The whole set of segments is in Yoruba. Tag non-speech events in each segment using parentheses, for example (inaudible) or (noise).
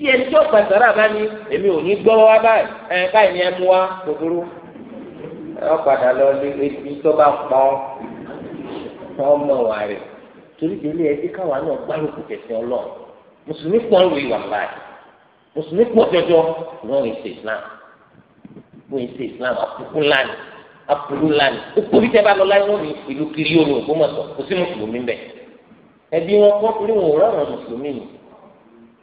tí ẹni tí ó gbàtàrà bá ní èmi ò ní gbọ́ wá báyìí ẹ báyìí ni ẹ mú wá gbogbo ẹ padà lọ lé etí tó bá pọ̀ ọmọ wa rẹ̀ torí délé ẹbí káwa náà gbárùkù tẹ̀sán ọlọ́run mùsùlùmí pọ̀ lu ìwà báyìí mùsùlùmí pọ̀ jọjọ wọn ì islam wọn ì islam àpòkù lánìí àpòkù lánìí ó kó bí tẹ́ bá lọ láyé wọn ní ìlú kiri olùkó mọ̀tọ̀ kò sí mùsùlùmí bẹ̀ ẹbí wọn kọ́ torí wọn ò rọrùn mùsùlùmí nìyí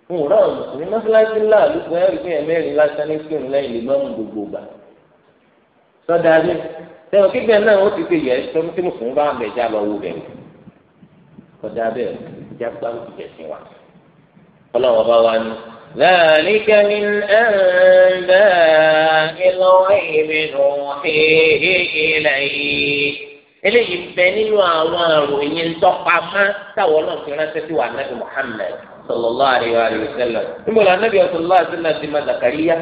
fún òun ráwọn mùsùlùmí mọ́sálásí ńlá àlùkò ẹ̀rí pé ẹ̀mẹ́rin lásán ní fíìmù lẹ́yìn lè mọ́mú gbogbo gbà sọ́dà rí sẹ́wọ̀n kíkẹ́ náà ó ti pè yẹ ẹ̀sọ́ tí mùsùlùmí bá bẹ̀ já lọ wò bẹ̀rù sọ́dà bẹ́ẹ̀ já gbárù ti tẹ̀sí wa ọlọ́run ọba wa ni. ذلك من أنباء الغيب نوحيه إليك eléyìí bẹ nínú àwọn àròyìn ńtọpamọ táwọn Ọlọ́run ti ránṣẹ́ sí wa nabi Muhammad sallallahu alayhi wa sallam níbo la anabi sallallahu alayhi wa sallam ti ma zakariya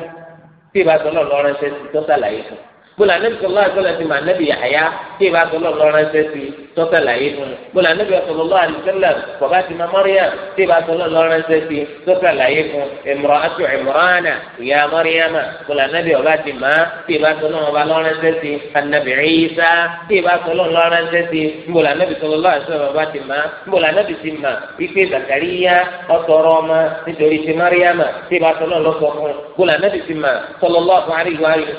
tí ìbá sọlọ lọrọ ṣe tó sàlàyé fún níbo la anabi sallallahu alayhi wa sallam ti ma anabi yahaya tí ìbá sọlọ lọrọ ẹsẹ sí tọ́sàlàyé fún un bọ́lá níbi ọ̀sọ̀lọ́ lọ́wọ́ àdìsẹ́lẹ̀ bàbá ti ma Maryam tí ìbá sọlọ lọrọ ẹsẹ sí tọ́sàlàyé fún ìmọ̀ràn àti ìmọ̀rànà ìyá Maryam bọ́lá níbi ọba ti ma tí ìbá sọlọ ọba lọrọ ẹsẹ sí anabi Isa tí ìbá sọlọ lọrọ ẹsẹ sí bọ́lá níbi sọlọ lọ́wọ́ àti bàbá ti ma bọ́lá níbi ti ma wípé Zakariya ọ̀tọ̀rọ̀ ọmọ nítorí ti Maryam tí ìbá sọlọ lọ sọ fún bọ́lá níbi ti ma sọlọ lọ́wọ́ àti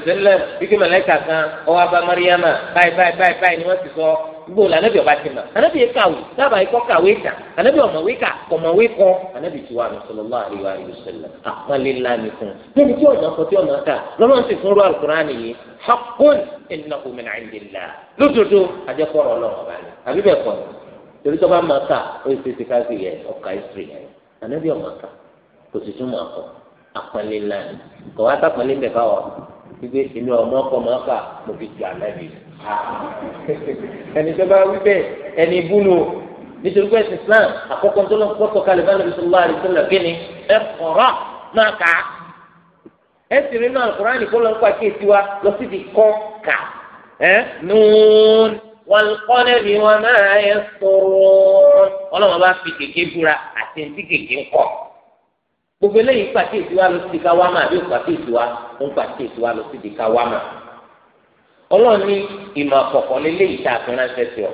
ti ma wípé màlẹ́kà báyìí báyìí ni wọ́n ti sọ gbogbo lànàbí ọba ti mọ̀ ànàbí yẹn kàwé dábàá ikọ́ kàwé tà ànàbí ọ̀mọ̀wé kà ọ̀mọ̀wé kọ́ ànàbí tiwa sallallahu alaihi wa sallam àpọ́nlé ńlá ni fún un níbi tí ọ̀nà kan tí ọ̀nà kà lọ́nà ti fún rú alukur'an yìí haqqun innahu min indillah lódodo àjẹkọ̀rọ̀ ọlọ́run ọba ni àbí bẹ́ẹ̀ kọ́ torí tó bá máa kà ó sì ti ká sí yẹ ọkà (laughs) ẹni tó bá wí ẹni o nítorí pé Islam àkọ́kọ́ tó lọ kọ́tọ̀ kalẹ̀ bá lọ́bi sọ́lá àdìsọ́lá gíní ẹ kọ̀rọ̀ máa kà á ẹ sì rí náà kúrán lọ wa lọ sí ti kọ́ kà ẹ nùún wọn kọ́ wọn náà ọlọ́wọ́n bá fi kèké búra àti ẹni tí kèké ń kọ́ gbogbo eléyìí pàkíyèsí wa lọ sí ti ká wá mà àbí lọ sí ti ká ọlọ́run ní ìmọ̀ àkọ́kọ́ lélẹ́yìí tá a fi ránṣẹ́ sí ọ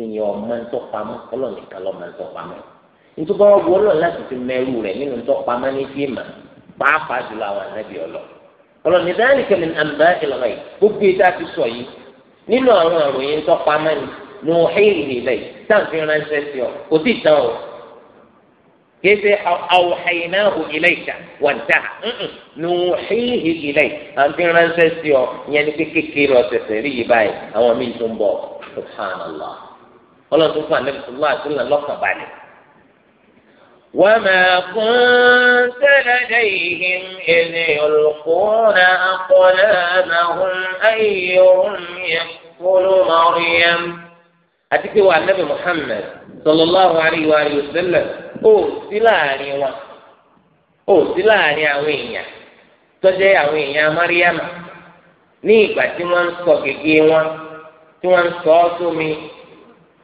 èèyàn ọmọ ń tọ́ pamọ́ ọlọ́run nìkan lọ́ọ́ máa ń tọ́ pamọ́ nítorí wọn wọ ọlọ́run láti fi mẹ́rù rẹ̀ nínú ń tọ́ pamọ́ ní fíìmà pàápàá jùlọ àwọn ànábì ọlọ ọlọ́run ní dáhùn kẹ́mi àmbá ìlànà yìí gbogbo ètò àti sọ yìí nínú àwọn àròyìn ń pamọ́ ni kéésì awuhayinahu ilayka wantaha nuhihi ilay àti ránṣẹ́ sí ọ ìyẹn ní kékeré ọ̀sẹ̀sẹ̀ rí yìí báyìí àwọn míì tún bọ̀ subhanallah ọlọ́run tó fún anabi sallallahu alaihi wasallam lọ́kàn balẹ̀. وما كنت لديهم إذ يلقون أقلامهم أيهم يكفل مريم أتكي النبي محمد صلى الله عليه وآله وسلم ó sí láàrin wọn ó sí láàrin àwọn èèyàn tọ́jú àwọn èèyàn Mariana!" ní ìgbà tí wọ́n ń sọ gègé wọn tí wọ́n ń sọ ọ́ sómi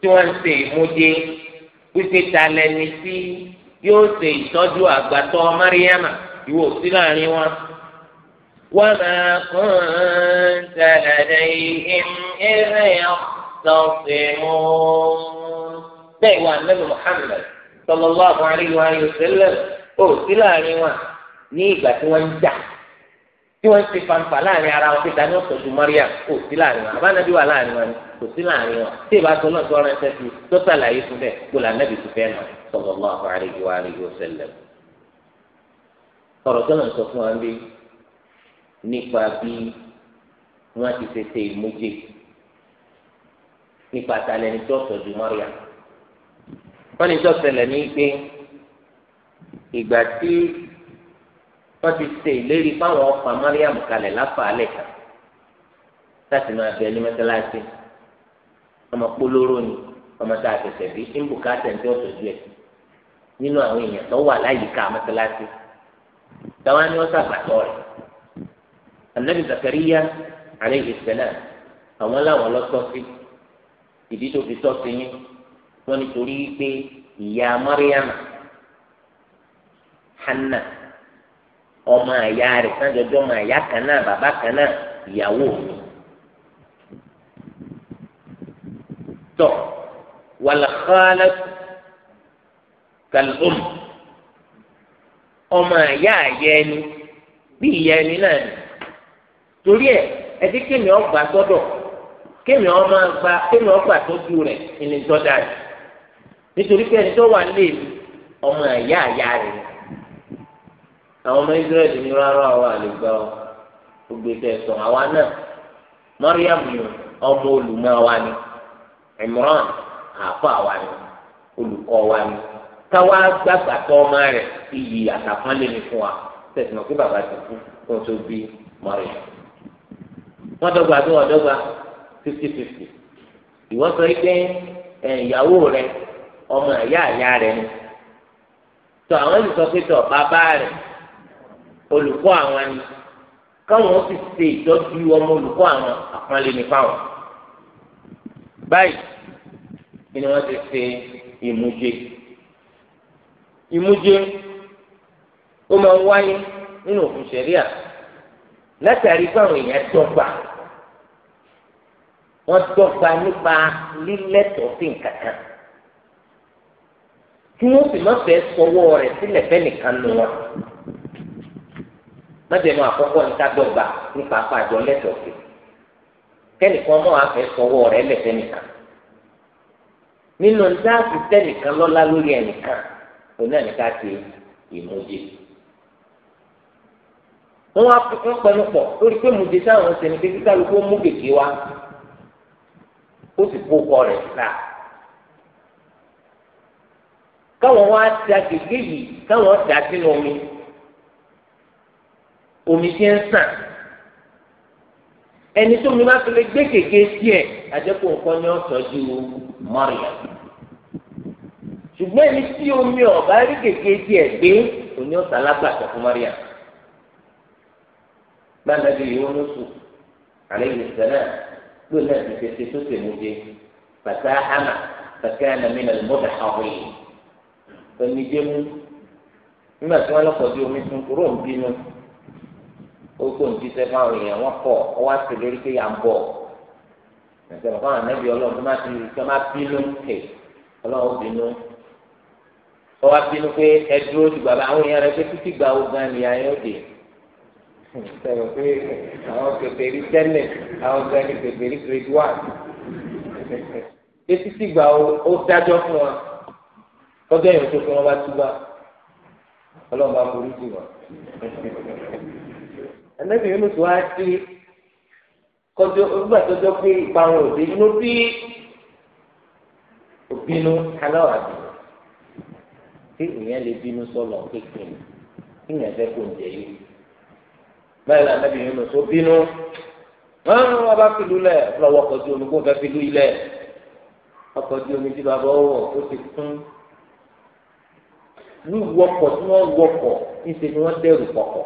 tí wọ́n ń ṣe ìmúdé wípé ta lẹni tí yóò ṣe ìtọ́jú àgbàtọ́ Mariam ìwọ sí láàrin wọn. وما كنت لديهم إذ يختصمون. sallallahu alaihi wa sallam ó sí láàrin wọn ní ìgbà tí wọ́n ń jà tí wọ́n ń ṣe fanfa láàrin ara wọn pété ní ọ̀sọ̀dù Mariam ó sí láàrin wọn abánabi wà láàrin wọn kò sí láàrin wọn tí ìbá tó náà tó ọ̀rọ̀ ẹsẹ̀ fi tó sàlàyé fún bẹ́ẹ̀ kó là nẹ́bi tó fẹ́ nà sallallahu alaihi wa sallam ọ̀rọ̀ tó náà sọ fún wa ń bí nípa bí wọ́n ti ṣe ṣe ìmújẹ wọ́n ní sọ́sẹ̀lẹ̀ ní pé ìgbà tí wọ́n ti ṣe ìlérí fáwọn ọkọ̀ amáríàmù kalẹ̀ láfàálẹ̀ kan láti máa bẹ ní mọ́sálásí ọmọ polówó ni ọmọ tá a tẹ̀sẹ̀ bí ìbùkátà ń tẹ́ ọ̀tọ̀ díẹ̀ nínú àwọn èèyàn tó wà láyìíká mọ́sálásí táwọn ni wọ́n sàgbàtọ̀ rẹ̀ anabi zakariya aleyhi sẹlẹ àwọn làwọn lọ tọ́ sí ìdí tó fi tọ́ yín wọn nítorí pé ìyá mariam hanna ọmọ àyà rẹ̀ sájọjọ ọmọ àyà kan náà bàbá kan náà ìyàwó mi tọ wàlàkàlẹ kàlùm ọmọ àyà àyẹ ẹni bí ìyá ẹni náà ni torí ẹ ẹdí kémi ọgbà sọ́dọ̀ kémi ọmọ gba kémi ọgbà tọ́jú rẹ̀ ẹni tọ́ dáa nítorí pé ẹni tó wà nílé mi ọmọ ẹ̀yà àyà rẹ̀ àwọn ọmọ Israẹli ní rárá àwọn àlùgbà ògbésẹ̀ sọ àwa náà Mariam yìí ọmọ olùmọ wa ni Imran àfọ àwa ni olùkọ́ wa ni káwa gbàgbà tó ọmọ rẹ̀ iyì àtàkùnlé ni fún wa tẹsán pé bàbá ti kú kó tó bí Mariam wọ́n dọ́gba bí wọ́n dọ́gba fifty fifty ìwọ sọ pé ìyàwó rẹ̀ ọmọ ìyá ìyá rẹ̀ ni tọ àwọn sì sọ pé tọ bàbá rẹ̀ olùkọ́ àwọn ni káwọn sì ṣe ìtọ́jú ọmọ olùkọ́ àwọn àpọ́nlé ní fáwọn báyìí kí ni wọ́n ti ṣe ìmújẹ ìmújẹ ó máa ń wáyé nínú òfin ṣẹ̀ríà látàrí fáwọn èèyàn dọ́gba wọ́n dọ́gba nípa lílẹ́tọ̀ọ́ sí tí wọ́n sì máa fẹ́ sọwọ́ rẹ̀ sílẹ̀ fẹ́ nìkan nù wọn. májèmọ àkọ́kọ́ níta dọ́gba nípa àpàjọ lẹ́tọ̀ọ̀sì kẹ́nìkan mọ́ àfẹ́ sọwọ́ rẹ̀ lẹ́fẹ́ nìkan. nínú níta sì tẹ́nìkan lọ́lá lórí ẹnìkan oní ẹnìkan ti ìmúdé. wọ́n á ń pẹnu pọ̀ lórí pé mùdé sáwọn ṣe ni pé kíkálukú mú kèké wa ó sì kó kọ rẹ̀ síta káwọn wá ti agbègbè yìí káwọn dà sínú omi omi ti ń sàn ẹni tó mi bá fi lè gbé gègé tiẹ̀ àjẹkù nǹkan ni ó sọ́jú mọ́rìyà ṣùgbọ́n ẹni tí omi ọ̀bá rí gègé tiẹ̀ gbé òní ọ̀sán alágbàtà fún mọ́rìyà gbàgbà bíi ìwọ́n ló sùn àlẹ́ yìí sẹ́nà gbọ́dọ̀ ti tètè tó tèmú dé bàtà hàmà bàtà nàmínà lọ́dà àwọn yìí onídé mú nígbà tí wọn lọkọ sí omi fún kúrò ń bínú ó kó ní jíṣẹ́ fáwọn èèyàn wọn kọ ọ wá sí lórí pé yà ń bọ ẹsẹ̀rọ̀ fáwọn anábì ọlọ́run tó má ti rí kí wọ́n má bínú kè ọlọ́run bínú ọ wá bínú pé ẹ dúró dùgbà bá àwọn èèyàn rẹ pé títí gba ogun ni ayé òde sọ̀rọ̀ pé àwọn kèfèrí tẹ́lẹ̀ àwọn kèfèrí kèfèrí grade one pé títí gba ó dájọ́ fún wọn lọ́jọ́ yẹn tó fi wọn bá túbà ọlọ́run bá forí jì wọ́n. ẹnẹ́bí yóò tún wá sí kọjọ nígbà tó jọ pé ipa wọn ò dé inú bí òbínú aláwà bí tí ìyẹn lè bínú sọlọ kékeré ìyẹn fẹ́ kó ń jẹ yìí báyìí lànà bí yóò tún bínú wọn wọn bá fìlú lẹ lọ́wọ́ kọjú omi kó fẹ́ fìlú ilẹ̀ ọkọ̀ ojú omi tí bàbá ọwọ́ ó ti kún wíwọkọ̀ tí wọ́n wọkọ̀ níṣẹ́ ni wọ́n dẹ̀rù pọ̀pọ̀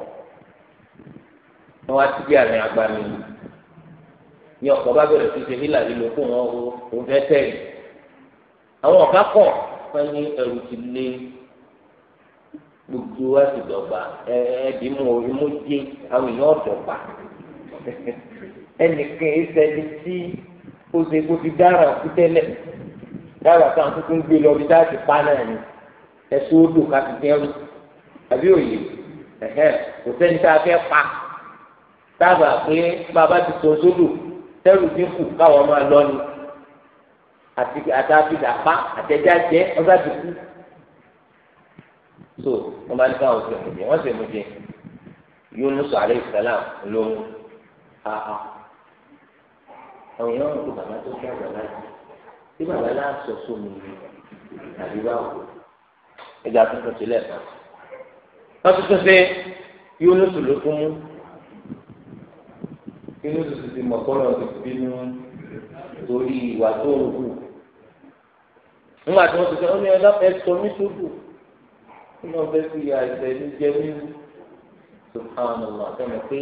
wọ́n wá sí bí àmì agbami ní ọkọ̀ bá bẹ̀rẹ̀ sí ṣe hílà lílo kó wọn ò fẹ́ tẹ̀lé àwọn ọ̀gá kọ̀ wọ́n ní ẹrù ti lé gbogbo wa ti dọ̀gba ẹ̀ẹ́dìmú imú dé àwọn èèyàn ọ̀dọ̀gba (laughs) ẹnìkan ẹsẹ̀ni tí ó ṣe kó ti dára òkú tẹ́lẹ̀ dára kan tó tún gbé lọ bí dáàtì pa náà ni ẹ̀sùn odò káfí dẹ́rù àbí òye ẹ̀hẹ́ kò sẹ́ni tá a fẹ́ pa dábàá pé bàbá ti sọ sódò tẹ́rù dínkù káwọn máa lọ ni àti àtàfidàpá àtẹ̀jáde ọ̀gá ti kú so wọ́n bá ní káwọn ṣe mú jẹ wọ́n ṣe mú jẹ Yunus alayhi salam ló ń ha ha àwọn èèyàn ń lo bàbá tó kí àgbàlá yìí tí bàbá náà sọ sómi yìí àbí báwo ẹja tuntun ti lẹ̀ wọ́n tuntun ṣe Yunus ló tún mú Yunus ti ti mọ̀ kọ́nà ti bínú torí ìwà tó ń hù nígbà tí wọ́n ti sọ ọ́ ní ọlọ́pàá ẹ̀ sọ mí tó dù kí wọ́n fẹ́ fi àìsàn ẹni jẹ mí wú subhanallah sọmọ pé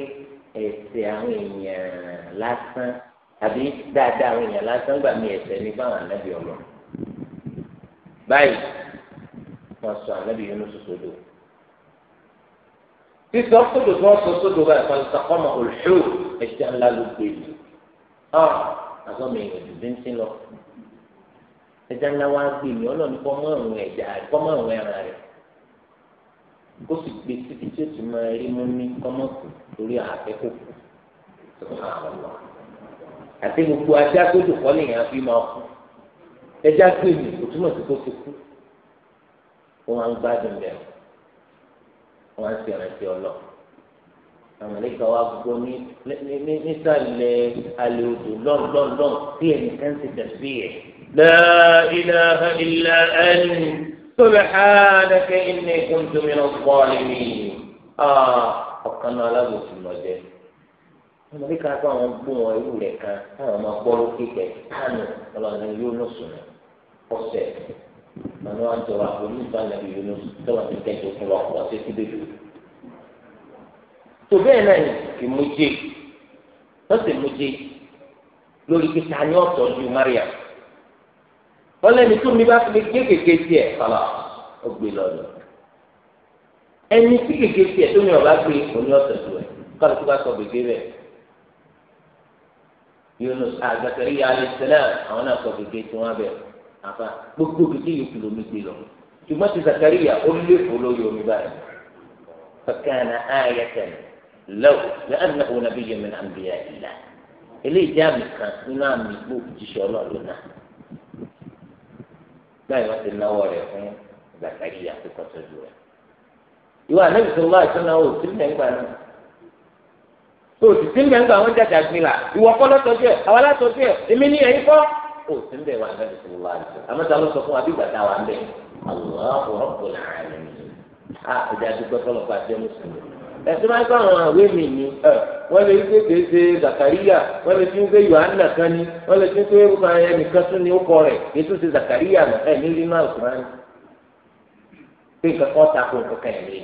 ẹsẹ àwọn èèyàn lásán àbí dáadáa àwọn èèyàn lásán gbà mí ẹsẹ ní báwọn ànábì ọlọ báyìí wọn sọ ànábì Yunus sódò sísọ sódò tí wọn sọ sódò báyìí kan sàkọmọ olùhùn ẹja ńlá ló gbé yìí ọ àtọmọ èèyàn dídí ń sin lọ ẹja ńlá wa gbé yìí ọlọ́ọ̀ni kọ́ mọ́ àwọn ẹja kọ́ mọ́ àwọn ẹran rẹ̀ kó sì gbé títí tí ó ti máa rí mú ní kọ́mọ́kù torí àfẹ́kù àti gbogbo ajá tó dùn kọ́ lèèyàn fi máa kú ẹja gbé yìí kò túmọ̀ sí kó ti kú wọn ń gbádùn bẹ wọn ń ṣèrántí ọlọ àmàlẹ́kà wa gbogbo ní ní nísàlẹ̀ alẹ́ odò lọ́nlọ́nlọ́n tí ẹnìkan ti tẹ̀sí ẹ̀. la ilaha illa anta subhanaka inni kuntu minaz zalimin. ọ̀kan náà alábòsí lọ́jẹ́. àmàlẹ́kà kó àwọn gbóhùn irú rẹ̀ kan káwọn máa gbọ́ lókè kẹ̀ kánú ọlọ́run yóò lọ sùn ọ̀sẹ̀ mọ̀nà wa ń tọrọ àforí nípa nàbí yìí lóṣù tó wà ní kẹ́kẹ́ fún wa wọ́n ṣe síbẹ̀ lò. tó bẹ́ẹ̀ náà ni ìmújẹ lọ́sẹ̀ mújẹ lórí kíkà ní ọ̀tọ̀ ju maria wọ́n lẹ́ni tó mi bá fi gé kéke tiẹ̀ kọ́lá ó gbé lọ́dọ̀ ẹni tí kéke tiẹ̀ tó mi ọ̀ bá gbé òní ọ̀tọ̀ ju ẹ̀ kọ́lá tó bá sọ gbègbè rẹ̀ Yunus àgbàkẹ́rì alẹ́ sẹ́lẹ̀ àwọn náà sọ àfa gbogbo kìkì yòókù lómi gbé lọ ṣùgbọ́n ti Zakariya ó lé fò lórí omi báyìí فكان آية له لأنه نبي من أنبياء الله إليه جامع كان إمام مكبوب جيش الله لنا لا يمثل نوار يكون زكريا في قصدوه ìwà anabi sọ wá ìsọ náà ó ti ń bẹ ńgbà náà ó ti ti ń bẹ ńgbà wọn jáde àgbìlà ìwọ kọ lọtọjú ẹ àwọn alátọjú ẹ èmi ní ẹyin kọ òsín bẹ́ẹ̀ wà nígbà tó wà lọ àmọ́tà ló sọ fún wa bí gbàtà wà bẹ́ẹ̀ Allahu Rabbul Alamin a ìjà dúpẹ́ fọlọ́ fún adé mùsùlùmí ẹ̀sìn máa ń gbọ́ àwọn àwé mi ni wọ́n lè fi kéde ṣe Zakariya wọ́n lè fi ń Yohana kan ni wọ́n lè fi ń gbé rúbà ẹnìkan tún ní ọkọ rẹ̀ ètò ṣe Zakariya ẹ̀ nílí náà Kùránì pé nǹkan kan ta ko nǹkan kan ẹ̀ lé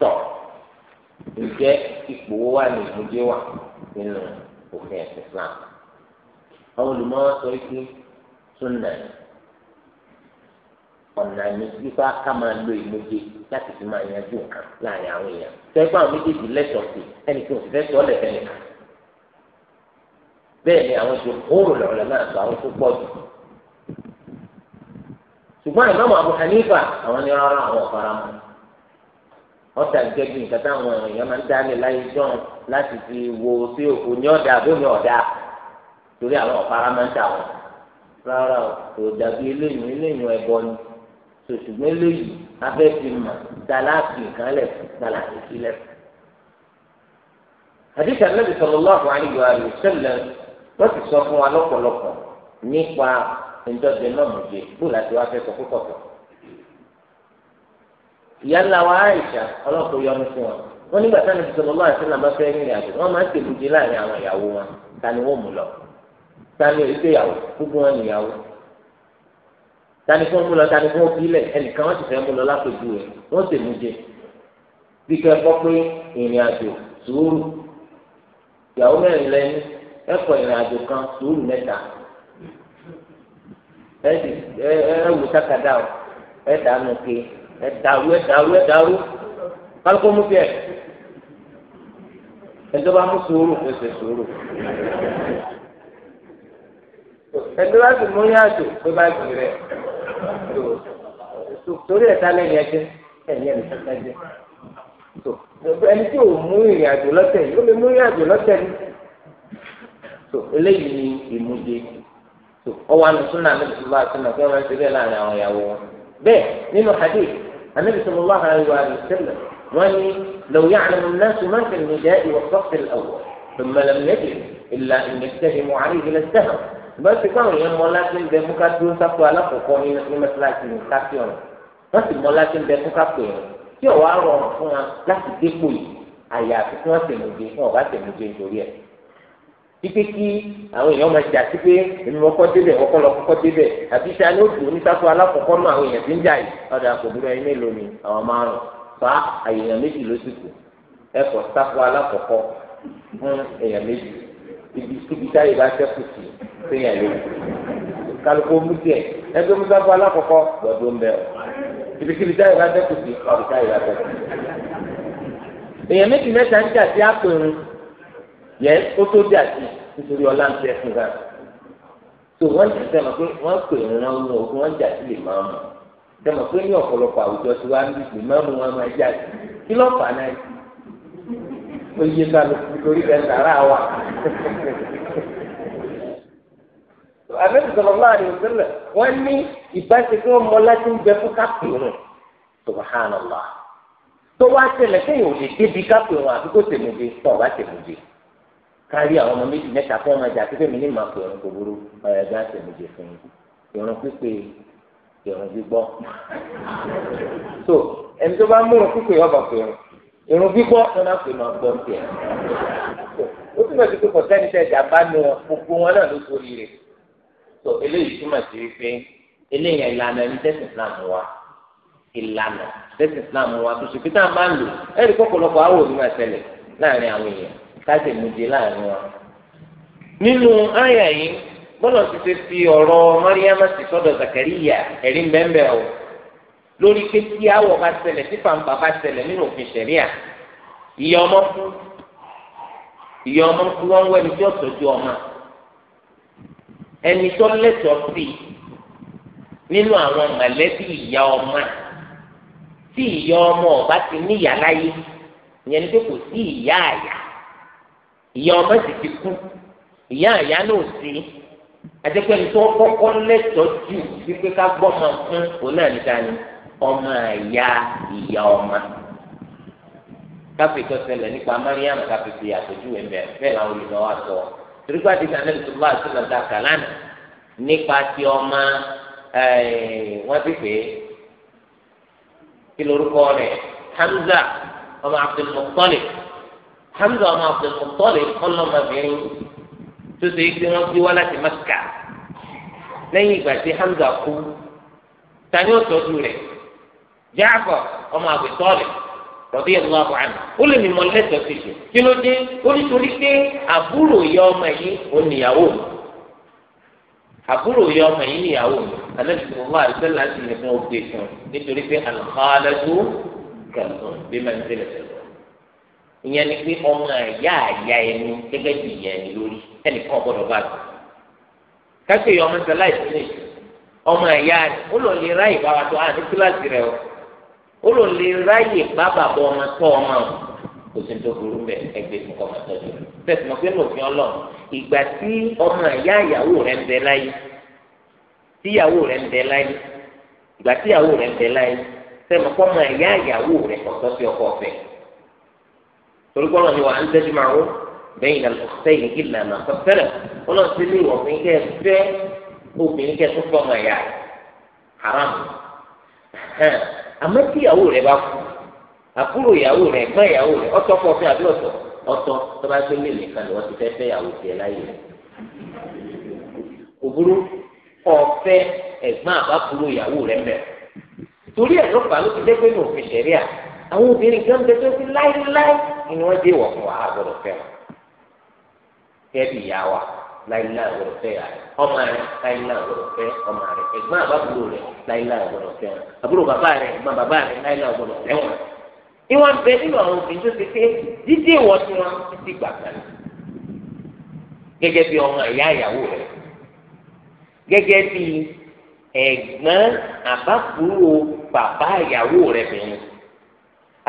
tọ̀ ǹjẹ́ ipò wa ni ìmúdé wà nínú òfin ẹ̀sìn Islam àwọn olùmọ̀ọ́ sọ pé sunna ni ọ̀nà ni wípé ká máa lo ìmọ̀jẹ láti fi máa yanjú nǹkan láàrin àwọn èèyàn sọ pé àwọn méjèèjì lẹ́tọ̀ọ́ sí ẹnì kí n sì fẹ́ sọ ọ́lẹ̀ fẹ́ẹ́ nìkan bẹ́ẹ̀ ni àwọn ìṣòro kóró lọ́rọ̀ náà sọ àwọn tó pọ̀ jù ṣùgbọ́n ìmọ̀mù Abu Hanifa àwọn ní rárá àwọn ọ̀fara mọ́ ọ̀tà ìjẹ́bi nǹkan táwọn èèyàn máa ń dálé torí àwọn ọ̀fara máa ń tà wọ́n rárá o kò dàbí eléyìí eléyìí ẹ̀bọ ni sòṣùgbọ́n eléyìí abẹ́ fi mà dàláàfin kálẹ̀ dàláàfin sílẹ̀. àdìsí anábì sallallahu alaihi wa sallam wọ́n ti sọ fún wa lọ́pọ̀lọpọ̀ nípa ìjọsìn náà mọ̀jẹ̀ bó láti wá fẹ́ sọ púpọ̀ tó. ìyá ńlá wa Àìṣà ọlọ́pàá yọnu fún wa wọ́n nígbà táwọn ìbísọ̀lọ́lọ́ àti sẹ́lá bá fẹ́ rìnrìn tani oṣù ìyàwó gbogbo wọn nìyàwó tani fún mú lọ tani fún òbí lẹ ẹnìkan wọn ti fẹ́ mú lọ lápẹjù rẹ wọn sì mú jẹ bí kẹ kọ pé ìrìn àjò sùúrù ìyàwó mẹ́rin lẹni ẹkọ ìrìn àjò kan sùúrù mẹ́ta ẹ ẹ wù sákàdá o ẹ dànù ké ẹ dàrú ẹ dàrú ẹ dàrú kálukó mú bíẹ ẹjọba mú sùúrù fẹsẹ sùúrù ẹni wá sì mú yàtò pé bá jù rẹ tó torí ẹ̀ta lẹ́yìn ẹjẹ ẹ̀yìn ẹ̀lẹ́ kẹta jẹ tó ẹni tí ò mú ìrìn àjò lọ́tẹ̀ yìí ó lè mú ìrìn àjò lọ́tẹ̀ yìí tó eléyìí ni ìmúdé tó ọwọ́ àná níbi tó bá a súnà kí wọ́n máa ń ṣe bẹ́ẹ̀ láàrin àwọn ìyàwó wọn bẹ́ẹ̀ nínú hadith النبي صلى الله عليه وآله وسلم وأني لو يعلم الناس ما في النداء والصف الأول ثم لم يجد إلا أن يتهموا عليه لاستهم ìbá ti káwọn èèyàn mọ láti ń bẹ fún ká dúró sáfù alákọ̀ọ́kọ́ ní mẹ́tíláàtì ní káfíọ̀nù wọ́n sì mọ láti ń bẹ fún ká pè wọ́n tí ọ̀wá rọrùn fún wa láti dépò yìí àyàfi fún wọn tẹ̀mùjẹ fún ọ̀gá tẹ̀mùjẹ nítorí ẹ̀. pípé kí àwọn èèyàn máa jà sí pé èmi kọ́kọ́ débẹ̀ kọ́kọ́ lọ kọ́kọ́ débẹ̀ àbí ṣe àní òtún ní sáfù alákọ̀ọ́kọ́ náà àwọn èèyàn ti ń jà yìí ọ̀dà kò dúró ẹni mélòó ni àwọn márùn-ún fa àyèèyàn méjì ló sì kù ẹ̀kọ́ ibi síbi táyé bá ṣẹ́kù sí séyàn lé kálukú mú tiẹ̀ ẹgbẹ́ musa fún alákọ̀ọ́kọ́ gbọ́dọ̀ ń bẹ̀ ọ́ ibi síbi táyé bá ṣẹ́kù sí ọ̀rọ̀ táyé bá ṣẹ́kù sí. èèyàn méjì mẹ́ta ń jà sí àpẹrun yẹ ó tó jà sí nítorí ọlá ń tẹ́ fún gan. tó wọ́n ti sẹ́mọ̀ pé wọ́n pè ń rán ohun ogun wọ́n jà sí lè máa mọ̀ sẹ́mọ̀ pé ní ọ̀pọ̀lọpọ̀ àwùjọ tí wàá ń bí lè máa mú wọn máa jà sí kí lọ́ọ̀fà náà ó yé kálukú torí bẹ́ẹ̀ sàrà wà àbẹ́bí sọ̀rọ̀ máa ní òṣèlè wọ́n ní ìbáṣe kí wọ́n mọ láti ń bẹ fún kápẹ́rù subhanallah tó wá ṣẹlẹ̀ kéèyàn ò lè débi kápẹ́rù àbí kó tèmùdé tó ọ̀bá tèmùdé kárí àwọn ọmọ méjì mẹ́ta fún ọmọ ẹja kíkẹ́ mi ní màá pè ọ̀run gbogbo ọ̀rẹ́ ẹja tèmùdé fún yín ìrùn pípé ìrùn gbígbọ́ (laughs) so ẹni tó bá mú ìrùn pípé ọ̀bà pè ọ̀run ìrùn gbígbọ́ ló má pè máa gbọ́ tiẹ̀ túmọ̀ sí pé kò sẹ́ni tẹ̀ jàmbá nu wọn gbogbo wọn náà ló sórí rẹ̀ tó eléyìí túmọ̀ sí wípé eléyìí ìlànà ní tẹ̀sí Islam wa ìlànà tẹ̀sí Islam wa tó ṣùgbọ́n tá a máa ń lò ẹ̀rí kọ́kọ́lọ́kọ́ àwọn òní máa ṣẹlẹ̀ láàrin àwọn èèyàn káṣẹ̀ méje láàrin wọn. nínú àyà yìí bọ́lá ti ṣe fi ọ̀rọ̀ Mariam sì sọ́dọ̀ Zakariya ẹ̀rí mbẹ́mbẹ́ o lórí pé tí àwọ̀ bá ṣẹlẹ̀ tí fàǹfà bá ṣẹlẹ̀ nínú òfin ṣẹ̀ríà ìyá ọmọ fún ìyá ọmọ ń wọ́n wọ́ ẹni tí ó tọ́jú ọmọ ẹni tó lẹ́tọ̀ọ́ sí nínú àwọn mọ̀lẹ́bí ìyá ọmọ tí ìyá ọmọ ọba ti níyà láyé ìyẹn ni pé kò sí ìyá àyà ìyá ọmọ sì ti kú ìyá àyà náà sí àtẹ́pẹ́ni tó kọ́kọ́ lẹ́tọ̀ọ́ jù wípé ká gbọ́ ọmọ fún òun náà níta ni ọmọ àyà ìyá ọmọ káfí tó ṣẹlẹ̀ nípa mariam káfí fi àpèjúwe mbẹ bẹ́ẹ̀ làwọn olùmọ̀ wa sọ tìrìkà ti sàn lẹ́nu tó bá àtúnà ta kàlánà nípa ti ọmọ wọn ti pè é kí lorúkọ rẹ̀ hamza ọmọ abdulmuttalib hamza ọmọ abdulmuttalib ọlọmọbìnrin tó ṣe é pé wọn gbé wá láti mẹsìkà lẹ́yìn ìgbà tí hamza kú tani ó tọ́jú rẹ̀ jaafọ ọmọ abdulmuttalib rọ̀bí ẹ̀ lọ́wọ́ àná ó lè mímọ lẹ́tọ̀ọ́ sí ṣe kí ló dé ó nítorí pé àbúrò ìyá ọmọ yìí ó níyàwó mi àbúrò ìyá ọmọ yìí níyàwó mi alẹ́bí tó wà àdúgbò láti lè fún ogbe fún nítorí pé alùpàdàgbò kẹlùn bí máa ń tẹ̀lé tẹ̀lé ìyẹn ni pé ọmọ ẹ̀yà àyà ẹni gẹ́gẹ́ bí ìyá ẹni lórí ẹnìkan ọ̀gbọ́dọ̀ bá lọ káṣíyọ ọmọ sẹláìsì ó lò lè ráyè bá bàbá ọmọ tó ọmọ kò sí tó burú bẹ ẹgbẹ fún kọmọ tọjú bẹ́ẹ̀ mọ pé lòfin Ọlọ́run ìgbà tí ọmọ ìyá ìyàwó rẹ ń bẹ láyé tíyàwó rẹ ń bẹ láyé ìgbà tíyàwó rẹ ń bẹ láyé sẹmọ kọmọ ìyá ìyàwó rẹ kọtọ sí ọkọ ọfẹ torí kọlọ ni wà á ń tẹjú máa wọ bẹyìn àlùfẹyìn ìlànà àkọsẹlẹ Ọlọ́run ti ní ìwọfin kẹ fẹ obìnrin kẹ tó fọmọ ìyá haram hàn àmọ́ tí ìyàwó rẹ̀ bá kú àkúrò ìyàwó rẹ̀ ẹ̀gbọ́n ìyàwó rẹ̀ ọ̀tọ̀ kọ fún àbí ọ̀tọ̀ ọ̀tọ̀ tó bá gbé lè nìkan ni wọ́n ti fẹ́ fẹ́ ìyàwó tiẹ̀ láyé rẹ̀ òbúrú ọ̀fẹ́ ẹ̀gbọ́n àbákúrò ìyàwó rẹ̀ mẹ́ torí ẹ̀ ló fà ló ti dẹ́gbẹ́ ní òfin ṣẹ̀ríà àwọn obìnrin kan bẹ tó fi láéláé ni wọ́n dé wọ̀ fún wa àgbọ̀dọ̀ fẹ́ wọn láìláì gbọ́dọ̀ fẹ́ yà rẹ̀ ọmọ rẹ̀ láìláì gbọ́dọ̀ fẹ́ ọmọ rẹ̀ ẹ̀gbọ́n àbábúrò rẹ̀ láìláì gbọ́dọ̀ fẹ́ wọn àbúrò bàbá rẹ̀ ẹ̀gbọ́n bàbá rẹ̀ láìláì gbọ́dọ̀ fẹ́ wọn. ìwọ̀n bẹ nínú àwọn obìnrin tó ti pé dídé ìwọ tí wọ́n ti ti gbà kan gẹ́gẹ́ bí ọmọ ìyá ìyàwó rẹ̀ gẹ́gẹ́ bí ẹ̀gbọ́n àbábúrò bàbá ìyàwó rẹ̀ bìnrin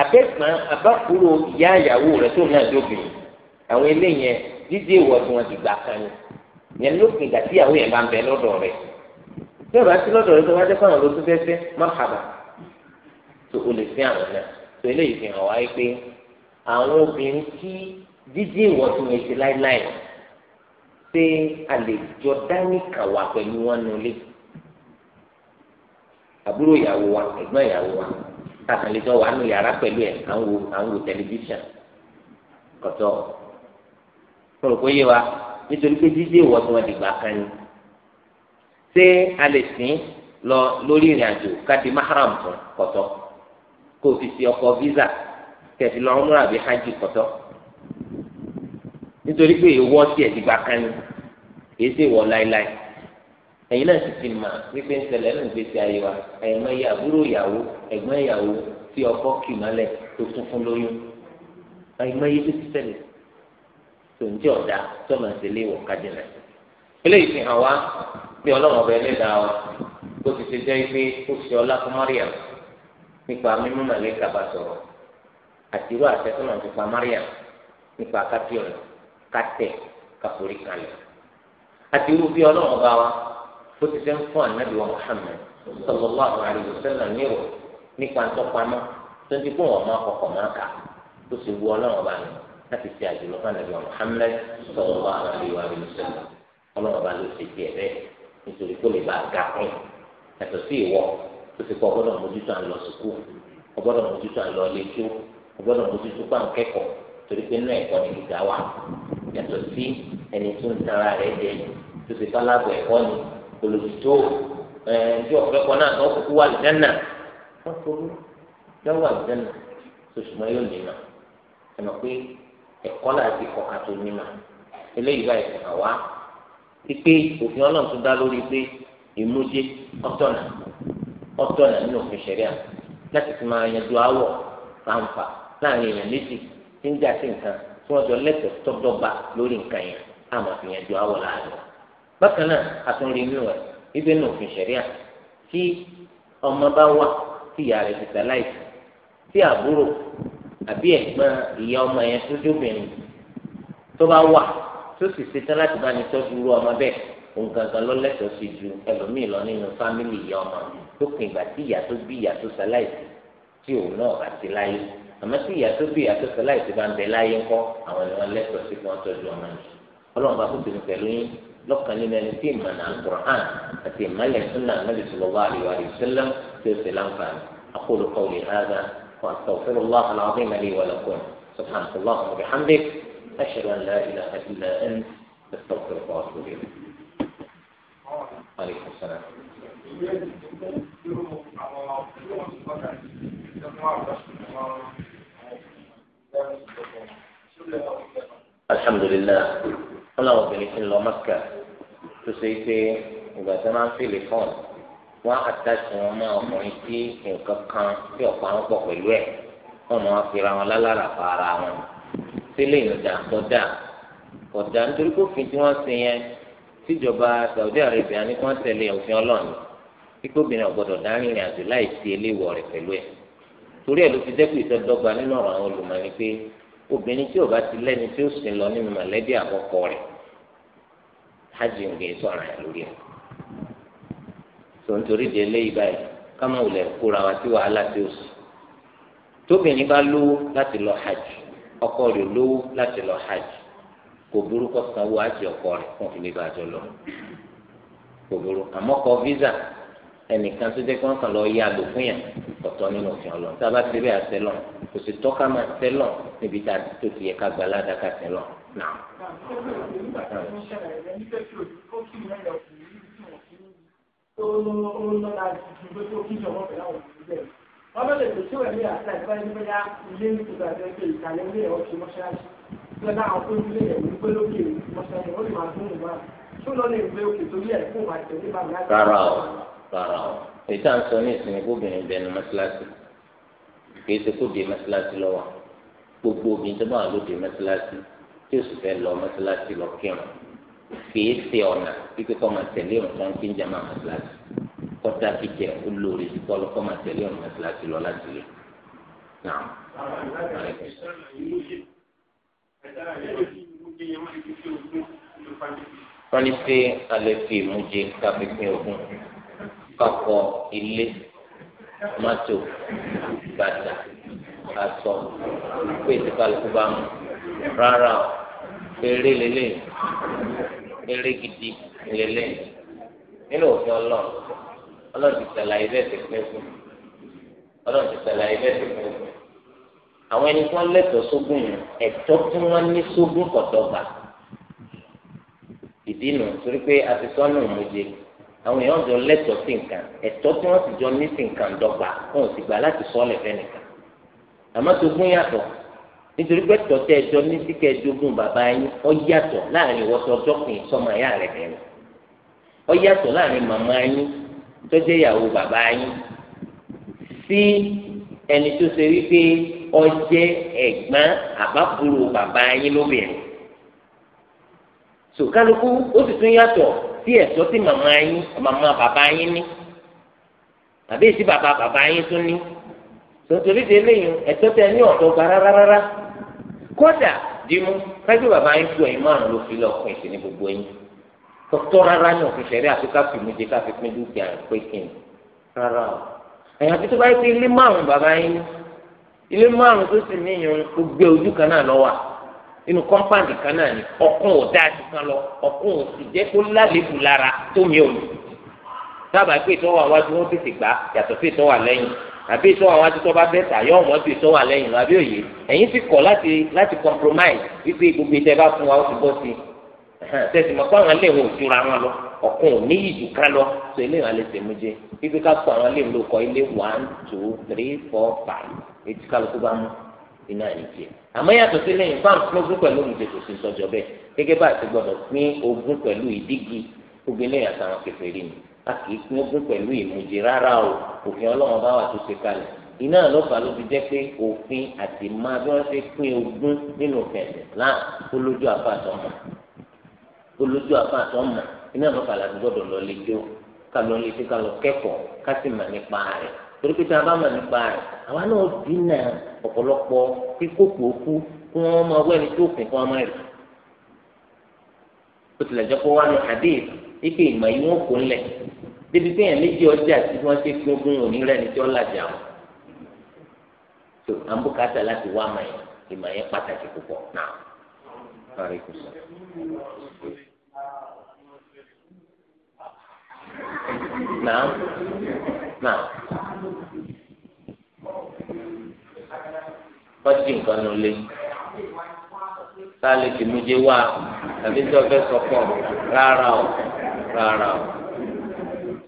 àbẹ́gbọ́n àbábúrò ìyá ìyàwó rẹ̀ tó náà dídé ìwọ tí wọn ti gbà kan ni yẹn ló fi ìgbà tí ìyàwó yẹn bá ń bẹ lọ́dọ̀ rẹ̀ tí ọba tí lọ́dọ̀ rẹ̀ tó bá jẹ́ fún àwọn olóṣù fẹ́fẹ́ má kàbà tó o lè fi àwọn náà tó eléyìí fi hàn wáyé pé àwọn obìnrin kí dídé ìwọ tí wọn ti láéláé pé a lè jọ dánìkan wà pẹ̀lú wọn nulẹ̀ àbúrò ìyàwó wa ẹ̀gbọ́n ìyàwó wa tàkàlẹ́jọ́ wà nù yàrá pẹ̀lú ẹ̀ à ń wo tẹlifíṣàn kọ̀tọ́ sọ̀rọ̀ pé yé wa nítorí pé jíjí ìwọ tí wọ́n ti gbà kan ni ṣé a lè sìn lọ lórí ìrìn àjò káti mahram fún kọ̀tọ́ kó o fi sí visa kẹ̀sì lọ ọmọ àbí hajj kọ̀tọ́ nítorí pé ìwọ tiẹ̀ ti gbà kan ni kì í ṣe ìwọ láéláé ẹ̀yin náà sì ti mà wípé ń ṣẹlẹ̀ ní ìgbésí ayé wa ẹ̀yin máa yẹ àbúrò ìyàwó ẹ̀gbọ́n ìyàwó tí ọkọ kì mọ́lẹ̀ tó tún fún lóyún ẹ̀yin máa yẹ tó ti ṣẹlẹ̀ tòǹtì ọ̀dà tó máa ṣe léwọ̀ kájìnà eléyìí fi hàn wá bí ọlọ́run ọba ẹlẹ́dàá wa bó ti ṣe jẹ́ pé ó ṣe ọlá fún Mariam nípa mímú màlẹ́kà bá sọ̀rọ̀ àti irú àṣẹ tó náà ti pa Mariam nípa kápíọ̀nù kátẹ̀ káforí kalẹ̀ àti irú bí ọlọ́run ọba wa bó ti ṣe ń fún ànábì wa Muhammad sallallahu alaihi wasallam nírò nípa ntọ́pamọ́ tó ń ti kó wọn máa kọ̀kọ̀ máa kà ó sì wú ọlọ́run ọba nìyẹn láti fi àjùlọ fún àlejò Muhammad sọlọ wà àlejò wa nínú sẹlẹ Ọlọ́run bá ló ṣe tiẹ̀ bẹ́ẹ̀ nítorí kó lè bá a ga pín yàtọ̀ sí ìwọ tó ti kọ ọgbọ́dọ̀ mójútó àlọ sùkú ọgbọ́dọ̀ mójútó àlọ lẹjọ ọgbọ́dọ̀ mójútó pàǹkẹkọọ torí pé náà ẹ̀kọ́ ni gíga wà yàtọ̀ sí ẹni tó ń tara rẹ̀ jẹ tó ti kálábọ̀ ẹ̀kọ́ ni olùdó ẹ̀ẹ́dí ọ̀fẹ́ kan náà tó kúkú wà lìjánà wọ́n tó lọ́wọ́ àlìjánà tó ṣùgbọ́n yóò lè nà ẹ̀ pé ẹ̀kọ́ láti kọ̀ọ̀kan tó nímọ̀ eléyìí bá ẹ̀sìn àwa pípé òfin ọlọ́run tó dá lórí pé ìmúdé ọ̀tọ̀nà ọ̀tọ̀nà nínú òfin ṣẹ̀ríà láti fi máa yanjú àwọ̀ fàǹfà láàrin èèyàn méjì tí ń jà sí nǹkan tí wọ́n jọ lẹ́tọ̀ọ́ tọ́dọ́gba lórí nǹkan yẹn á máa fi yanjú àwọ̀ láàrin bákan náà àtúnrin inú ẹ̀ wípé nínú òfin ṣẹ̀ríà tí ọmọ bá wà tí ìyá rẹ̀ ti sàláìsì tí àbúrò àbí ẹ̀gbọ́n ìyá ọmọ yẹn tó jóbìnrin tó bá wà tó sì ṣetán láti bá ní tọ́jú irú ọmọ bẹ́ẹ̀ òun gangan ló lẹ́tọ̀ọ́ sí ju ẹlòmíì lọ nínú fámìlì ìyá ọmọ lópin ìgbà tí ìyá tó bí ìyá tó ṣaláìsí tí òun náà bá ti láyé àmọ́ tí ìyá tó bí ìyá tó ṣaláìsí bá ń bẹ láyé ńkọ́ àwọn ni wọ́n lẹ́tọ̀ọ́ sí kí wọ́n ọmọ yìí ọlọ́run bá kúndùn pẹ̀lú yín lọ́kàn nínú ẹni tí ìmọ̀nà alukur'an àti ìmọ̀lẹ̀ sunnah nàbì sallallahu alaihi wa sallam tí ó ṣe láǹfààní aqulu qawli hadha وأستغفر الله العظيم لي ولكم سبحانك اللهم وبحمدك أشهد أن لا إله إلا أنت أستغفرك وأتوب إليك عليكم السلام الحمد لله الله ti الله lọ تسيتي tó ṣe é pé wọn àtàtì wọn máa ọkùnrin tí nǹkan kan tí ọ̀pọ̀ àwọn pọ̀ pẹ̀lú ẹ̀ wọn máa fi ra wọn lálára fa ara wọn sílẹ̀ ìyọ̀dà kọ̀dà kọ̀dà nítorí pé òfin tí wọ́n ṣe yẹn tíjọba Saudi Arabia ní wọ́n tẹ̀lé òfin ọlọ́ọ̀ni kíkó obìnrin ọ̀gbọ́dọ̀ dárin ìrìn àjò láì sí eléwọ̀ rẹ̀ pẹ̀lú ẹ̀ torí ẹ̀ ló ti dẹ́kun ìtọ́dọ́gba nínú ọ̀rọ̀ àwọn olùmọ̀ ni pé obìnrin tí ò ti lẹ́ni tí ó sìn lọ nínú mọ̀lẹ́bí àkọ́kọ́ rẹ̀ hajj ń gbé sọ̀rọ̀ ẹ̀ lórí ẹ̀ tó ń torí délé ibáyìí kámá òlẹ̀ kóra wa tí wàhálà tí ó sì tóbìnrin bá lówó láti lọ hajj ọkọ rẹ̀ lówó láti lọ hajj kò burú kó sanwó hajj ọkọ rẹ̀ fún ìlú ìbàjọ́ lọ kò burú àmọ́ kọ visa ẹnìkan tó jẹ́ kí wọ́n kàn lọ yá lò fún yẹn ọ̀tọ̀ nínú òfin ọlọ́run tá a bá ti rí àṣẹ lọ kò sì tọ́ka máa ṣẹ lọ níbi tá a ti tó ti yẹ ká gba aládàá ká lọ náà tó ń lọ́la ju pé kó kí ìjọba ọ̀fẹ́ láwọn òbí bẹ́ẹ̀. wọ́n bẹ̀rẹ̀ pé tí òun ní àṣà ìfẹ́ ní bóyá ilé ní kòtò àti ẹgbẹ́ ìkàlẹ̀ ilé ẹ̀ ọ̀ṣẹ́ mọ́ṣáláṣí tí wọ́n dáhùn fún ilé ẹ̀ ní gbélókè mọ́ṣáláṣí ó lè máa fún un wá. tó lọ lè gbé òkè torí ẹ̀ fún wa tẹ̀lé bàbá láti. rárá o rárá o kì í ṣe kó de mọ́ṣáláṣí lọ́wọ́ gbogbo obìnrin tó bá wà lóde mọ́ṣáláṣí tí ó sì fẹ́ lọ mọ́ṣáláṣí lọ kírun kìí ṣe ọ̀nà pípé kọ́ máa tẹ̀lé ọ̀nà tó ń fi ń jẹ́ máa mọ́sálásí kọ́tà kíkẹ́ olóore ti kọ́ lọ́kọ́ máa tẹ̀lé ọ̀nà mọ́sálásí lọ láti lè. wọ́n ní pé a lè fi ìmúje káfí pín ogún kọ́kọ́ ilé mọ́tò bàtà aṣọ pé ìtìkálukú bá mú rárá o eré lélẹ́yìn eré gidi lélẹ̀ nínú òfin ọlọ́run ọlọ́run ti sàlàyé bẹ́ẹ̀ ti pín fún ọlọ́run ti sàlàyé bẹ́ẹ̀ ti pín fún àwọn ẹni tí wọ́n lẹ́tọ̀ọ́ sógún yìí ẹ̀tọ́ tí wọ́n ní sógún kọ̀dọ̀gba ìdí nù torí pé a ti sọ́nù òmùdé àwọn èèyàn jọ lẹ́tọ̀ọ́ sí nǹkan ẹ̀tọ́ tí wọ́n sì jọ ní sí nǹkan dọ́gba wọn ò sì gbà láti sọ ọ́ lẹ́fẹ̀ẹ́ nìkan àmọ́ sógún nítorí pé tọ́tẹ́ ẹjọ́ ní síkẹ́ ẹjọ́gùn bàbá yín ó yàtọ̀ láàrin wọ́sọ̀ ọjọ́kùn sọmọ ayá rẹ̀ bẹ̀rẹ̀ ó yàtọ̀ láàrin màmá yín tó jẹ́ ìyàwó bàbá yín sí ẹni tó ṣe wípé ó jẹ́ ẹ̀gbọ́n àbábúrò bàbá yín lóbìnrin sòkálukú ó sì tún yàtọ̀ sí ẹ̀tọ́ tí màmá yín màmá bàbá yín ní àbí èsì bàbá bàbá yín tún ní tòtòrí de lẹ́yìn ẹ̀tọ́ tẹ ní ọ̀dọ́ rárá rárá kódà dimu kájú bàbá yín tó ẹ̀yin márùn ló fi lọ ọkùnrin sí ní gbogbo yín tọtọ rárá ní òfin fẹrẹ àti káfí mi jẹ káfí pín dúkìá pé kí n rárá o ẹ̀yin àti tó bá yẹ pé ilé márùn bàbá yín ilé márùn tó sì níyàn gbogbo ojú kan náà lọ wà inú kọ́ńpáǹdì kan náà ni ọkùn ò dáa ju kan lọ ọkùn ò sì jẹ́ kó lálébù lára tó mi ò lù dábàá pé ìtọ́wà wájú wọn tètè gbà yàtọ̀ sí ìtọ́wà lẹ́yìn àbí ìtọ́ àwọn atitọ́ bá bẹ́ẹ̀ tà yọ ọmọ bíi ìtọ́ wà lẹ́yìn àbí òye ẹ̀yin ti kọ̀ láti láti compromise wípé gbogbo ìtẹ́ bá fún wa ó ti bọ́ sí i tẹ̀sí mọ̀ pé àwọn iléèwé òjúra wọn lọ ọ̀kan ò ní ìjù ká lọ tó iléèwé alẹ́ tẹ̀mú jẹ wípé ká kọ àwọn iléèwé lóko ilé one two three four five etí kálukú bá mú iná ẹ̀ jẹ àmọ́ yàtọ̀ sí lẹ́yìn fáwọn fún ogún pẹ̀lú òun tètè sí sọ́jọ́ bẹ́ẹ̀ gẹ́gẹ́ bá àti gbọ́dọ̀ pín ogún pẹ̀lú ìdígi gbogbo iléèwé àtàwọn kẹfẹ́ ni a kì í pín ogún pẹ̀lú ìmùjì rárá o òfin ọlọ́run bá wà tó ṣe kalẹ̀ iná lọ́fà ló fi jẹ́ pé òfin àti máa bí wọ́n ṣe pín ogún nínú kẹ̀lẹ̀ láà olójú àfàtọ́ mọ̀ olójú àfàtọ́ mọ̀ iná lọ́fà láti gbọ́dọ̀ lọ lè jó ká lọ lè jó ká lọ kẹ́kọ̀ọ́ ká sì mà nípa rẹ̀ torí pé tí a bá mà nípa rẹ̀ àwa náà dínà ọ̀pọ̀lọpọ̀ kíkókò kú kí wọ́n máa wẹ́ni tó kù kí wọ́n máa rí ó tilẹ̀ jẹ́ kó wá ní hadith ike ìmọ̀ yìí wọ́n kò ń lẹ̀ débi pé èèyàn méjì ọjà tí wọ́n ṣe pín ogún òní rẹ̀ ní tí wọ́n làjà wọn tó àǹbùkátà láti wá àmà yẹn ìmọ̀ yẹn pàtàkì púpọ̀ náà. Naam. Naam. Kọ́sì nǹkan ló lé. Sáà lè fi mú jẹ wá. Tàbí tí wọ́n fẹ́ sọ pọ̀ rárá o. Rárá o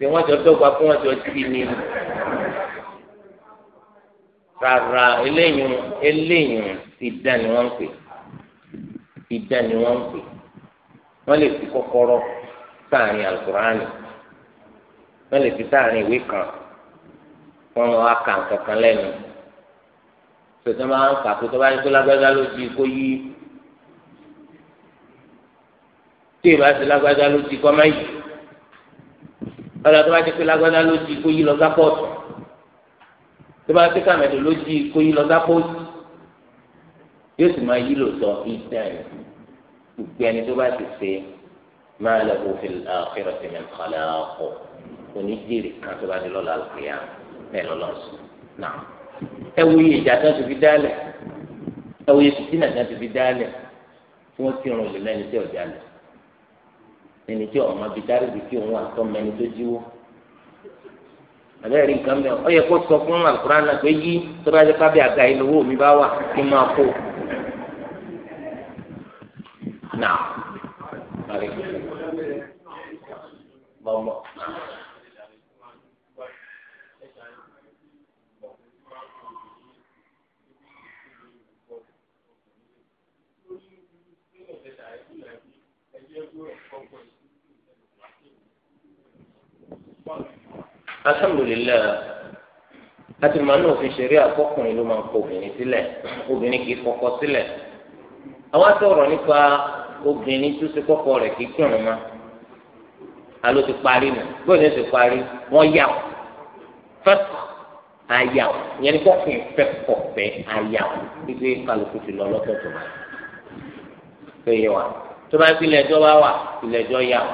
tí wọ́n jọ dọ́gba fún wọn jọ sí ni rárá eléyìí eléyìí idán ni wọ́n ń pè idán ni wọ́n ń pè wọ́n lè fi kọ́kọ́rọ́ sáàrin alukurani wọ́n lè fi sáàrin ìwé kan wọ́n lọ wá kà kankan lẹ́nu tòtò máa ń kàkó tó bá yẹ kó lágbájá ló di kó yí tí ìbá ti lágbájá ló di kó má yí ọ̀dà tó bá ti pé lágbádá ló di kó yí lọ sápọ̀tù tó bá ti kàmẹ́dọ̀ ló di kó yí lọ sápọ̀tù yóò sì máa yí lòtọ́ ìdáyìí gbogbo ẹni tó bá ti ṣe máa lọ òfin àkérò tẹ̀mẹ̀ nkàlẹ́ ọkọ̀ oníjèrè kan tó bá di lọ́la àlùkìyà bẹ́ẹ̀ lọ́la ọ̀sùn náà ẹ wo ìjà tó ti fi dálẹ̀ ẹ wo iye fìtínà tó ti fi dálẹ̀ tí wọ́n ti rún lè lẹ́ni ẹni tí ọmọ bíi dáríbi kí òun àtọmọ ẹni tó jíwó àbẹ́rẹ́ nǹkan mẹ́wàá ó yẹ kó sọ fún alukur'an náà pé yí tó bá yẹ kábíyà ga ilé owó mi bá wà kí n máa kó. Thank you. alhamdulilayi láti máa ní òfin ṣeré àkọkùnrin ló máa ń kọ obìnrin sílẹ̀ obìnrin kì í kọkọ sílẹ̀ àwọn àtọ̀rọ̀ nípa obìnrin tó ṣe kọkọ rẹ̀ kì í kírun ma alo ti parí nù bóyá ní ti parí wọ́n yà ó fẹ́kọ̀ àyà ó yẹn ní kọkùnrin fẹ́kọ̀ fẹ́ àyà ó gbígbé kálukú ti lọ lọ́tọ̀ tó bá tó yẹ wa tó bá fi ilẹ̀ ẹjọ́ wá wà ilẹ̀ ẹjọ́ yà ó.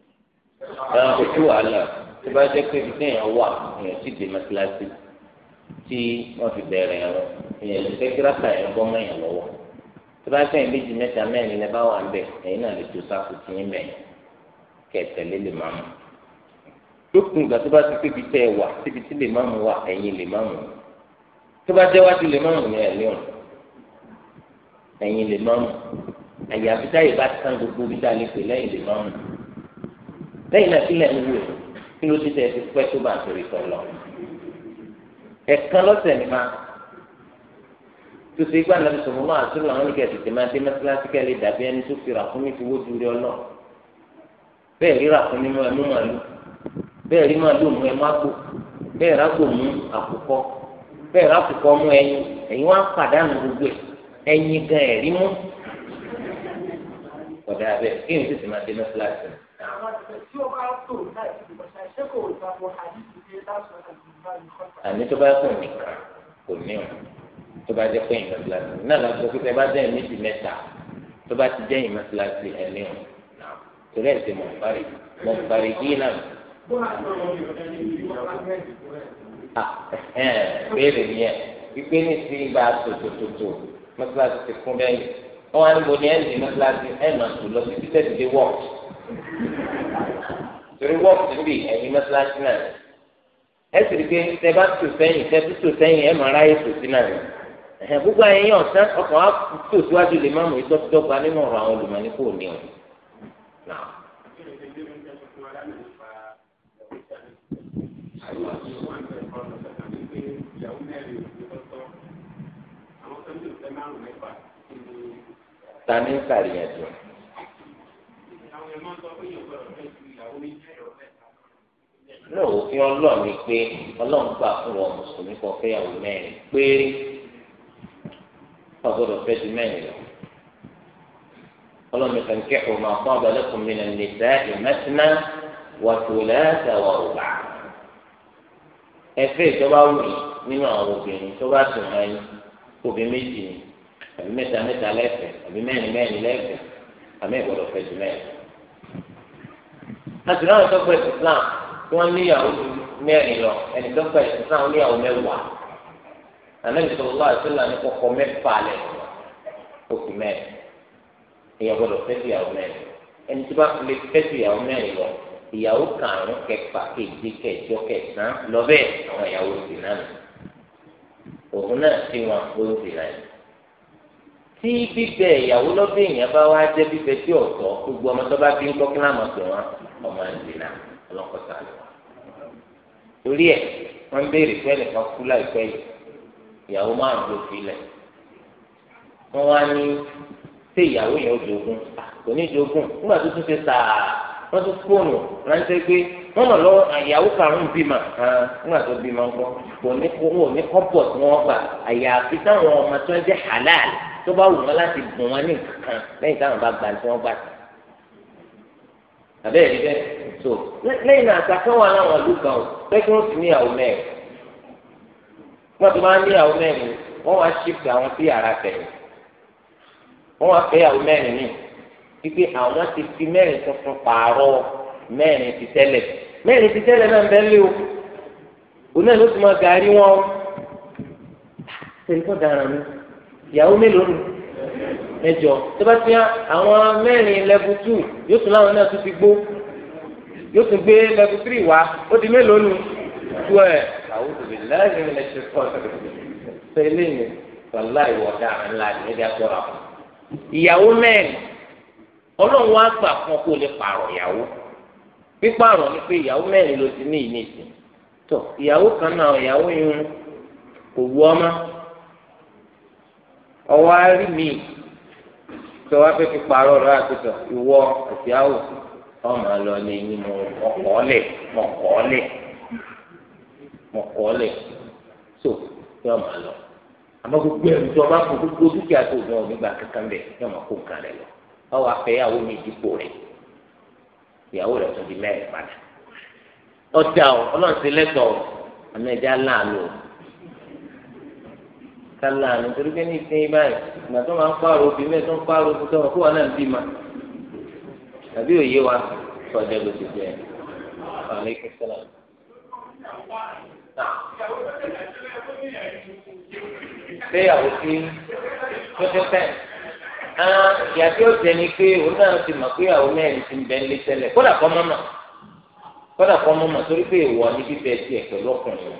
ẹran kò sí wàhálà tó bá jẹ́ pé ibi téèyàn wà èèyàn sì dé mọ́tíláṣí tí wọ́n fi bẹ̀rẹ̀ ẹ̀rọ èèyàn lè fẹ́ kíráàkà ẹ̀ bọ́ mẹ́yìn lọ́wọ́ tó bá sẹ́yìn méjì mẹ́ta mẹ́rin lẹ́ bá wà ń bẹ̀ ẹ̀yin náà lè tó sáfù tí yín mẹ́yìn kẹ̀tẹ̀lé lè máa mú lókun ìgbà tó bá ti pébi tẹ́ ẹ wà síbi tí lè máa mú wà ẹ̀yin lè máa mú tó bá jẹ́wájú lè máa mú ní ẹ̀lẹ́ ọ̀hún ẹ̀yin lè máa mú àyàfi táyé bá tán gbogbo bí pè lẹ́yìn lè máa mú lẹ́yìn náà sílẹ̀ ń wù ẹ́ kí ló ti tẹ̀ ẹ́ ti pẹ́ tó bá torí tọ̀ lọ. ẹ̀kan lọ́sẹ̀ ni máa tó ṣe gbà nàbì sọ̀rọ̀ máa tó làwọn oníkẹ́ tètè máa dé mẹ́tíláṣí kẹ́lẹ́ dàbí ẹni tó fi ràkúnmí fi wójú rí ọlọ́ bẹ́ẹ̀ rí ràkúnmí mú ẹmú màlúù bẹ́ẹ̀ rí màlúù mú ẹmú àgbò bẹ́ẹ̀ rágbò mú àkùkọ bẹ́ẹ̀ rákùkọ mú ẹyin ẹ̀yin wá pàdánù gbogbo ẹ̀ ẹyin gan ẹ̀rí mú ọ̀dà bẹ́ẹ̀ kí n tètè máa dé mẹ́tíláṣí àní tó bá yẹ kó nìkan kò ní o tó bá jẹ pé ìmọ̀ síláṣí náà lọ sọ pé tẹ bá jẹ́ méjì mẹ́ta tó bá ti jẹ́ ìmọ̀ síláṣí ẹ̀ ní o torí ẹ̀ ti mọ̀ nbari mọ̀ nbari yìí náà. béèrè ni ẹ wípé ní sí ìgbà tòtòtòtò mọ́sálásí ti kún bẹ́ẹ̀ wọ́n á ní mo ní ẹ̀ ní mọ́sálásí ẹ̀ nà tó lọ sí títẹ̀ ti dé wọ́ọ̀kì torí wọ́ọ̀kì ń bì ẹ̀yin mọ́sálásí náà ni ẹ sì rí i pé tẹ bá tò sẹ́yìn tẹ tó tò sẹ́yìn ẹ máa ráyè tò sí náà ni ẹ̀hẹ̀ gbogbo ẹ̀yin ọ̀sán ọkàn á tò síwájú lè má mú ìtọ́ tó dọ́gba nínú ọ̀rọ̀ àwọn olùmọ̀ọ́ni kò ní o. ta ní sàríyànjú náà òfin ọlọ́ọ̀ ni pé ọlọ́run gbà fún wọn mùsùlùmí kan fẹ́yàwó mẹ́rin péré fàgbọ́dọ̀ fẹ́ ju mẹ́rin lọ. ọlọ́run nìkan kẹ́kọ̀ọ́ máa fún abẹ́lẹ́kùn mi nàní ìdá ìmẹ́sìnà wàtòlẹ́ àtàwà ọ̀gbà. ẹ̀fẹ́ ìjọba wù yìí nínú àwọn obìnrin tó bá dùn ẹ́ obìnrin méjì ni àbí mẹ́ta mẹ́ta lẹ́fẹ̀ẹ́ àbí mẹ́rin mẹ́rin lẹ́fẹ̀ẹ́ àmì ìgbọ́dọ̀ fẹ́ ju mẹ́rin àtúrà àwọn sọgbà islam tí wọn níyàwó mẹ́rin lọ ẹni sọgbà islam níyàwó mẹ́wàá ànábì sọlọ lọ àti sọlá ní kọkọ mẹ́fà lẹ oṣù mẹ́rin èèyàn gbọ́dọ̀ fẹ́ sí ìyàwó mẹ́rin ẹni tí bá lè fẹ́ sí ìyàwó mẹ́rin lọ ìyàwó karùnún kẹfà kéje kẹjọ kẹsàn lọbẹ àwọn ìyàwó sì náà nù òun náà tí wọn ó sì náà nù tí bíbẹ ìyàwó lọ́dọ̀ èèyàn bá wá jẹ́ bíbẹ tí ọ̀tọ̀ gbogbo ọmọ tó bá fi ń kọ́ kí láàmú sí wọn ọmọ ìdènà ọlọ́kọ̀tà lọ. torí ẹ̀ wọ́n béèrè pé ẹnìkan kú láìpẹ́ yìí ìyàwó márùn ló fi lẹ̀ wọ́n wá ní ṣé ìyàwó yẹn ó jogún kò ní jogún nígbà tó tún ṣe sàá wọ́n tún fóònù ránṣẹ́ pé wọ́n mọ̀ lọ́wọ́ ìyàwó karùn-ún bímọ nígbà tó bímọ ńkọ́ kò ní kówó ní kọ́pọ̀ tí wọ́n gbà àyàfi táwọn ọmọ tó ń jẹ́ halal tó bá wù wọ́n láti bùn wọn ní nǹkan kan táwọn bá gbà tí wọ́n gbà sí àbẹ́ ẹ̀rí bẹ́ẹ̀ so lẹ́yìn náà àtàkùn wà láwọn ìlú kan o pẹ́kí wọ́n sì ní ìyàwó mẹ́rin wọ́n ti máa ń ní ìyàwó mẹ́rin wọ́n wá ṣífì àwọn sí yàrá tẹ̀yìn wọ́n wá fẹ́ ìyàwó mẹ́rin ní wípé àwọn ti fi mẹ́rin tuntun pààrọ̀ mẹ́rin ti tẹ́lẹ̀ mẹ́rin ti tẹ́lẹ̀ náà ń lé o òun náà ló ti máa gàrí wọn o ṣèlú mi ìyàwó mélòó ni mẹ́jọ tó bá ti yá àwọn mẹ́rin level two yóò tún láwọn náà tún ti gbó yóò tún gbé level three wá ó di mélòó nu tú ẹ àwọn òbí lẹ́yìn ilẹ̀ ṣe pọ̀ ṣe eléyìí wàlá ìwọ̀dà ńlá ní ẹ̀dá sọ̀rọ̀ àwọn. ìyàwó mẹ́rin ọlọ́run wá gbà fún ọ kó lè pààrọ̀ ìyàwó pípààrọ̀ ni pé ìyàwó mẹ́rin ló ti ní ìnísìn tó ìyàwó kan náà ìyàwó yìí kò wú ọmọ ọwọ́ á rí mi tó wá fẹ́ fi pààrọ̀ rẹ̀ àtúntò ìwọ àti àwò ọmọ lọ lè yín mo ọkọọlẹ mọkọọlẹ mọkọọlẹ so kí ọmọ lọ àmọ́ gbogbo ẹrù tó ọba kò gbogbo dúkìá tó gbọ nígbà kankan bẹ kí ọmọ kó nǹkan rẹ̀ lọ ọwọ afẹyàwó mi dípò rẹ̀ ìyàwó rẹ̀ tó di mẹ́rin padà ọjà ọ Ọlọ́run ti lẹtọ ọ kálá àná torí pé ní ìsìn báyìí ìgbà tó máa ń pààrọ̀ obì mẹ́ẹ̀ tó ń pààrọ̀ obì sọ̀rọ̀ kó wọn náà ń bímọ tàbí òye wa sọ̀jẹ̀ ló ti jẹ́ àlékún sọ́lá. Béyàwó sí pẹ́pẹ́pẹ́. Ìyá tí ó jẹ ni pé òun náà ti mọ̀ pé àwọn mẹ́rin ti ń bẹ ní tẹ́lẹ̀. Kódà kọ́ mọ́mọ́. Kódà kọ́ mọ́mọ́ torí pé ìwọ ni bíbẹ tiẹ̀ pẹ̀lú ọkùnrin.